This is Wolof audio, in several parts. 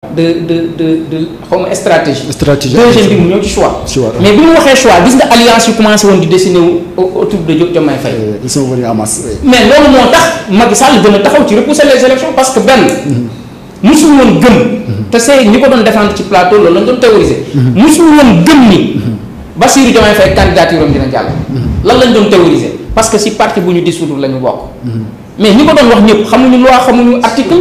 de de de de xaw stratégie. stratégie deuxième mu ñëw ci choix. mais bi mu waxee choix gis nga alliance yu commencé woon di dessiné wu autour de euh, mais loolu moo tax Macky Sall gën a taxaw ci repousser les élections parce que benn. Mm-hmm. musul woon gëm. Mm-hmm. ko doon défendre ci plateau loolu lañ doon théoriser. Mm-hmm. musul woon gëm ni. Bassirou Diomaye Faye candidature am dina jàll. lan lañ doon théoriser parce que si parti bu ñu dissoudre la ñu bokk. mais ñi ko doon wax ñëpp xamuñu loi xamuñu article.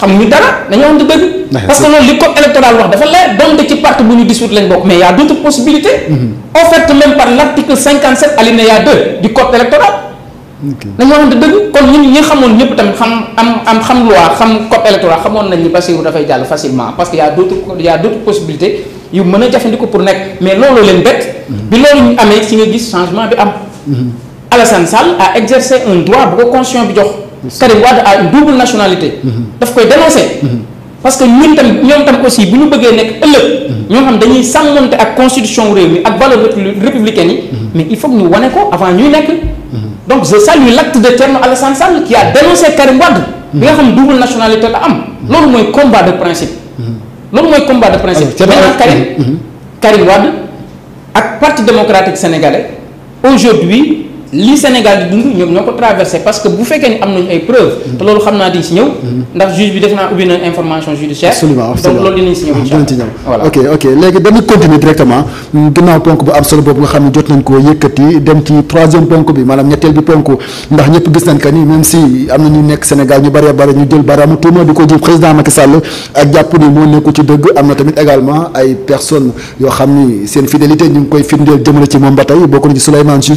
xam ñu dara dañoo am dëgg. parce que loolu li code électoral wax dafa leer donte ci parti bu ñu dissoudre lañ bokk mais y' a d' autres possibilités. offertes mhm. même par l' article 57 alinéa 2 du code électoral. ok dañoo am dëgg kon ñun ñu xamoon ñëpp tamit xam am am xam loi xam code électoral xamoon nañ ni Bassirou dafay jàll facilement parce que y' a d' y' yu mën a jafandikoo pour nekk mais loolu leen bett. Mhm. bi loolu ñu amee si nga gis changement bi am. Mhm. Alassane Sall a exercé un droit bi jox. Karim Wade a double nationalité. Mm-hmm. daf koy dénoncer. Mm-hmm. parce que ñun tam ñoom tam aussi bu ñu bëggee nekk ëllëg. Mm-hmm. ñoo xam dañuy sàmmonte ak constitution réew mi ak valeur républicaine yi. mais il faut que ñu wane ko avant ñuy nekk. donc je salue l'acte de Thierno Alassane Sall qui a dénoncé Karim Wade. bi nga xam double nationalité la am. loolu mooy combat de principe. loolu mooy combat de principe. maintenant Karim Karim Wade ak parti démocratique sénégalais aujourd'hui lii Sénégal di dund ñoom ñoo ko traversé parce que bu fekkee ni am nañu ay preuves. Mm-hmm. te loolu xam naa diñ si ñëw. Mm-hmm. ndax juge bi def naa ubbi na information judiciaire. absolument absolument donc loolu dinañ si ñëw ok ok léegi dañuy continuer directement ginnaaw ponk bu am solo boobu nga xam ne jot nañ ko yëkkati dem ci troisième ponk bi maanaam ñetteel bi ponk ndax ñëpp gis nañ que ni même si am na ñu nekk Sénégal ñu bëree bëri ñu jël baraamu tuuma di ko jëm président Macky Sall ak jàpp ni moo nekku ci dëgg na tamit également ay yoo xam ni seen fidélité ñu ngi koy firndeel jëmale ci moom ba tey bokk na ci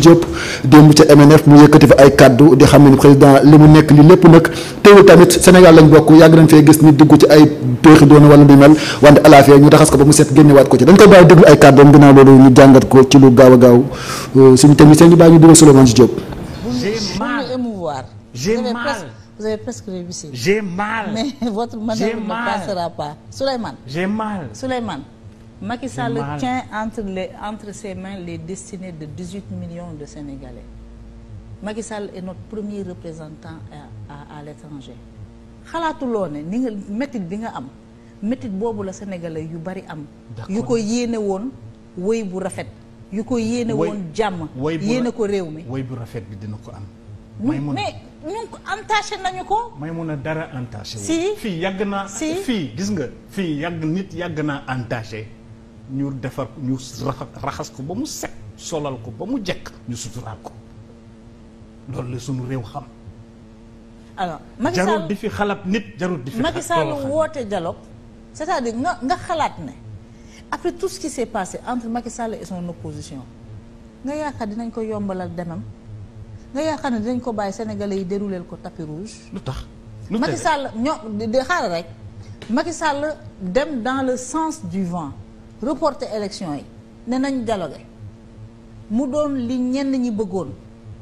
démb ca MNF mu yëkkati fa ay kaddu di xam ne président li mu nekk li lépp nag teewul tamit Sénégal lañ bokk yàgg nañ fee gis nit dugg ci ay péexi doona wala du mel wante alaafee ñu taxas ko ba mu set génnewaat ko ci dañ koy jàngat ko ci lu gaaw a gaaw euh, suñu technicien ñu bàyyi ñu dugal Souleymane Diop. j'ai mal j'ai mal vous avez presque réussi. j'ai mal mais votre manœuvre ne passera pas. Souleymane j'ai mal Souleymane. Macky Sall tient entre les entre ses mains les destinées millions de Sénégalais. Macky Sall not premier représentant à à, xalaatuloo ne ni nga bi nga am métit boobu la sénégalais yu bari am yu ko yéene woon woy bu rafet yu ko yéene woon jàmm yéene ko réew mi woy bu rafet bi dina ko am mais ñun ko ko may mun a dara entaché si fii yàgg naa si fii gis nga fii yàgg nit yàgg naa entaché ñu defar ñu raxas ko ba mu set solal ko ba mu jekk ñu suturaal ko loolu la suñu réew xam. alors Macky Sall jarul di fi xalaat nit jarul di fi. Macky Sall woote dialogue c'est-à-dire nga nga xalaat ne après tout ce qui s'est passé entre Macky Sall et son opposition nga yaakaar dinañ ko yombalal demam nga yaakaar ne dinañ ko bàyyi sénégalais yi dérouleel ko tapis rouge. lu tax lu Macky Sall ñoo di xaaral rek Macky Sall dem dans le sens du vent reporter élection yi ne nañ dialogué mu doon li ñenn ñi bëggoon.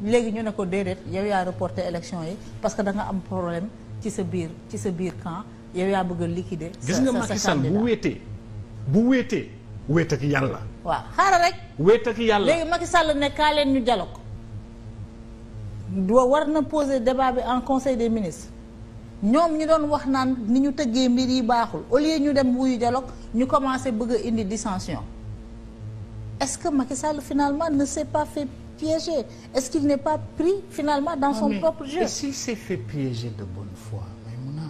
léegi ñu ne ko déedéet yow yaa reporté élection yi parce que da am problème ci sa biir ci sa biir camp yow yaa bëgg a liquider. gis nga Macky Sall bu wéetee bu wéetee wéet ak yàlla. waaw xaaral rek. wéet ak yàlla léegi Macky Sall ne kaa leen ñu dialogue. war na poser débat bi en conseil des ministres ñoom ñu doon wax naan ni ñu tëggee mbir yi baaxul au lieu ñu dem wuyu dialogue ñu commencé bëgg a indi dissension est-ce que Macky Sall finalement ne s'est pas fait. piéger est-ce qu'il n'est pas pris finalement dans ah, son propre jeu. si c'est fait piéger de bonne foi Maïmouna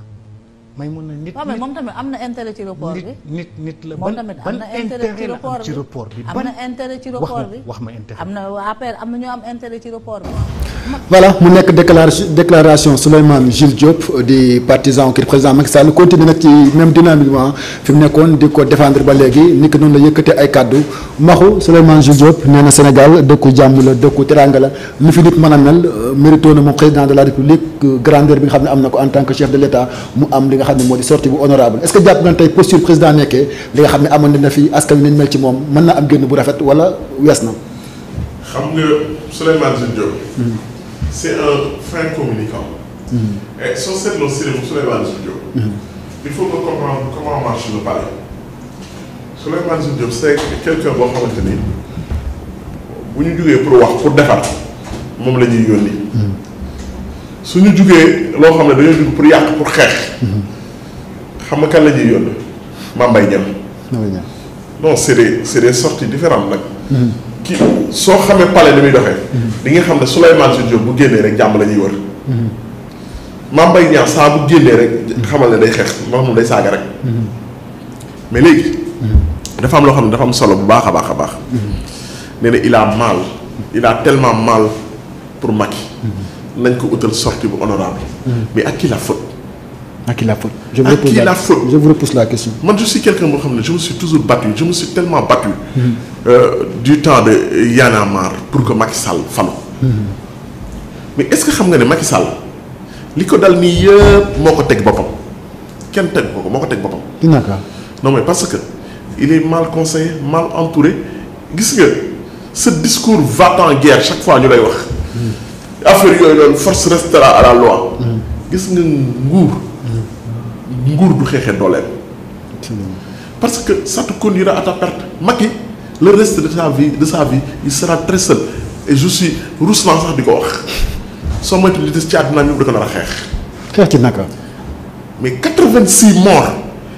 Maïmouna nit waaw mais moom tamit am na intérêt ci report bi. nit nit la ban ban intérêt la am ci report bi. am na intérêt ci report bi wax ma intérêt. am na APR am na ñoo am intérêt ci report bi. voilà mu nekk déclaration déclaration Souleymane Jules Diop di partisan kii président Macky Sall continue nag ci même dynamiquement fi mu nekkoon di ko défendre ba léegi ni ko noonu la yëkkatee ay kàddu maxu Souleymane Jules Diop nee na Sénégal dëkku jàmm la dëkku teraanga la lu fi nit mën a mel euh, mérito na moom président de la République euh, grandeur bi nga xam ne am na ko en tant que chef de l'État mu am li nga xam ne moo di sortie bu honorable est-ce que jàpp nga ne tey posture président nekkee li nga xam ne amoon na fi askan wi nañ na am génn bu rafet c'est un frein communicant. Mm-hmm. et soo seetloo Souleymane Souleymane Jules Diop. il faut que comprendre comment marche le palais. Souleymane Jules Diop c'est quelqu'un boo xamante ni bu ñu jugee pour wax pour defar moom la ñuy yónni. Mm-hmm. su ñu jugee loo xam ne dañoo jug pour yàq pour xeex. Mm-hmm. xam nga kan la ñuy yónni Mame Mbaye Niang. non c'est sorti c'est nag. ki soo xamee palais ni muy doxee. di nga xam ne Souleymane Jules Diop bu génnee rek jàmm la ñuy wër. Mame Mbaye Niang saa bu génnee rek. xamal ne day xeex moom moom day saaga rek. mais léegi. dafa am loo xam ne dafa am solo bu baax a baax a baax. nee ne il a mal il a mal pour Macky. nañ ko utal sortie bu honorable mais ak ki la faute. à qui man je suis quelqu'un boo xam ne je me suis toujours battu je me suis tellement battu. Mmh. Euh, du temps de Y'en pour que Macky Sall falu mm-hmm. mais est-ce que xam nga ne Macky Sall li ko dal nii yëpp moo ko teg boppam kenn teg ko ko moo ko teg boppam. dinaka non mais parce que il est mal conseillé mal entouré gis nga ce discours va guerre chaque fois ñu lay wax. Mm-hmm. affaire yooyu noonu force restera à la loi. Mm-hmm. gis nga nguur. nguur du xeexee dooleem. parce que ça te conduira à perte Macky. le reste de sa vie de sa vie il sera très et je suis sax di ko wax soo moytu li des ci àddina ñëpp da ko nar a xeex. xeex ci naka. mais 86 morts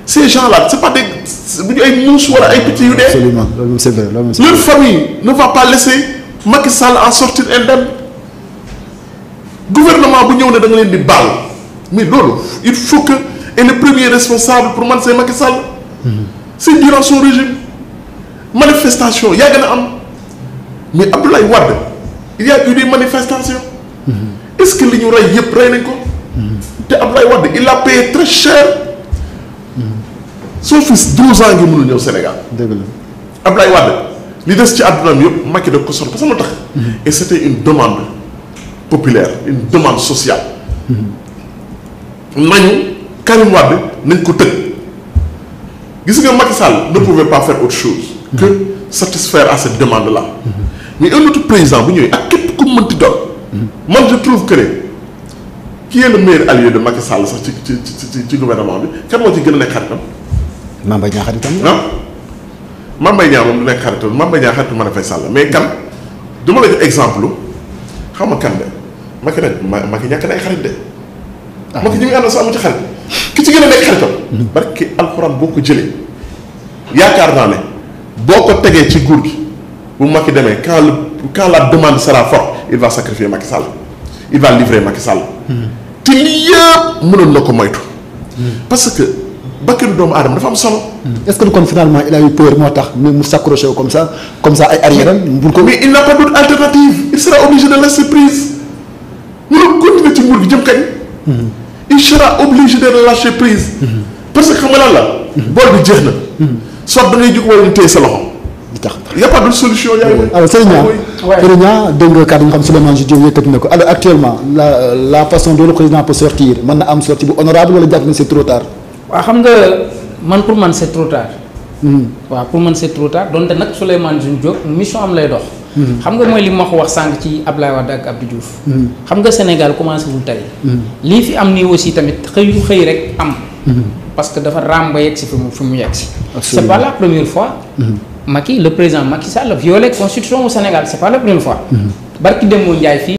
ces gens là c'est pas des du ay muus wala ay picc yu dee. leur famille ne va pas laisser Macky Sall en sortir indemne gouvernement bu ñëw ne da nga leen di baal mais loolu il faut que et le premier responsable pour man c'est Macky Sall. Mhm. c'est durant régime. manifestation yàgg na am mais Abdoulaye Wade il y a eu des mm-hmm. ce que li ñu rey yëpp rey nañ ko. Mm-hmm. te Abdoulaye Wade il a payé très cher. Mm-hmm. son fils 12 ans ngi mënul ñëw Sénégal. dëgg la Abdoulaye Wade li des ci àddunaam yëpp Macky def ko sol parce que lu tax. et c'était une demande populaire une demande sociale. nañu Karim Wade nañ ko tëj. gis nga Macky Sall ne pouvait pas faire autre chose. que satisfaire à cette demande là mais un autre président bu ñëwee ak képp ku mënti doon man je trouve que ne qui est le meilleur allié de Macky Sall sax ci ci ci ci gouvernement bi kan moo ci gën a nekk xaritam Mame Mbaye Niang xaritam ah Mame Mbaye Niang moom du nekk xaritam Mame Mbaye Niang xaritu mën a fay sàll mais kan duma la jox exemple xam nga kan de Macky nag Macky ñàkk na ay xarit de ah. Macky ñu ngi ànd sax amu ci xarit ki ci gën a nekk xaritam barke alxuraan boo ko jëlee yaakaar naa ne boo ko tegee ci nguur gi bu Macky demee quand le quand la demande sera forte il va sacrifier Macky Sall il va livrer Macky Sall. Hmm. te lii yëpp mënoon na ko moytu. Hmm. parce que bakkanu doomu aadama dafa am solo. Hmm. est-ce que kon finalement il a eu peur moo tax mu alternative il sera obligé de lâcher prise mënul continuer ci nguur gi jëm kañ. il sera obligé de lâcher prise. parce que xam la. bool bi jeex na. soit da ngay jóg wala ñu téye sa loxo. di tax y' a pas de solution. yaa ngi alors Serigne Niang ah Serigne Niang dégg nga kàddu yi nga xam Souleymane Jules Diop na la la façon dont le président peut na am sortie bu honorable wala jàpp na c' est trop xam nga man pour man c' est trop hmm. waaw pour man c' est trop tard donte nag Souleymane Jules Diop mission am lay dox. Hmm. xam nga mooy li ma ko wax sànq ci Ablaye Wade ak Abdou Diouf. Hmm. xam nga Sénégal commencé wul tey. lii fi am nii aussi tamit xëyu xëy rek am. parce que dafa ràmba yegg si fi mu fi mu yegg c'est pas la première fois. Mhm. Macky le président Macky Sall a violé constitution au Sénégal c'est pas la première fois. Mhm. barki Demba Ndiaye fii.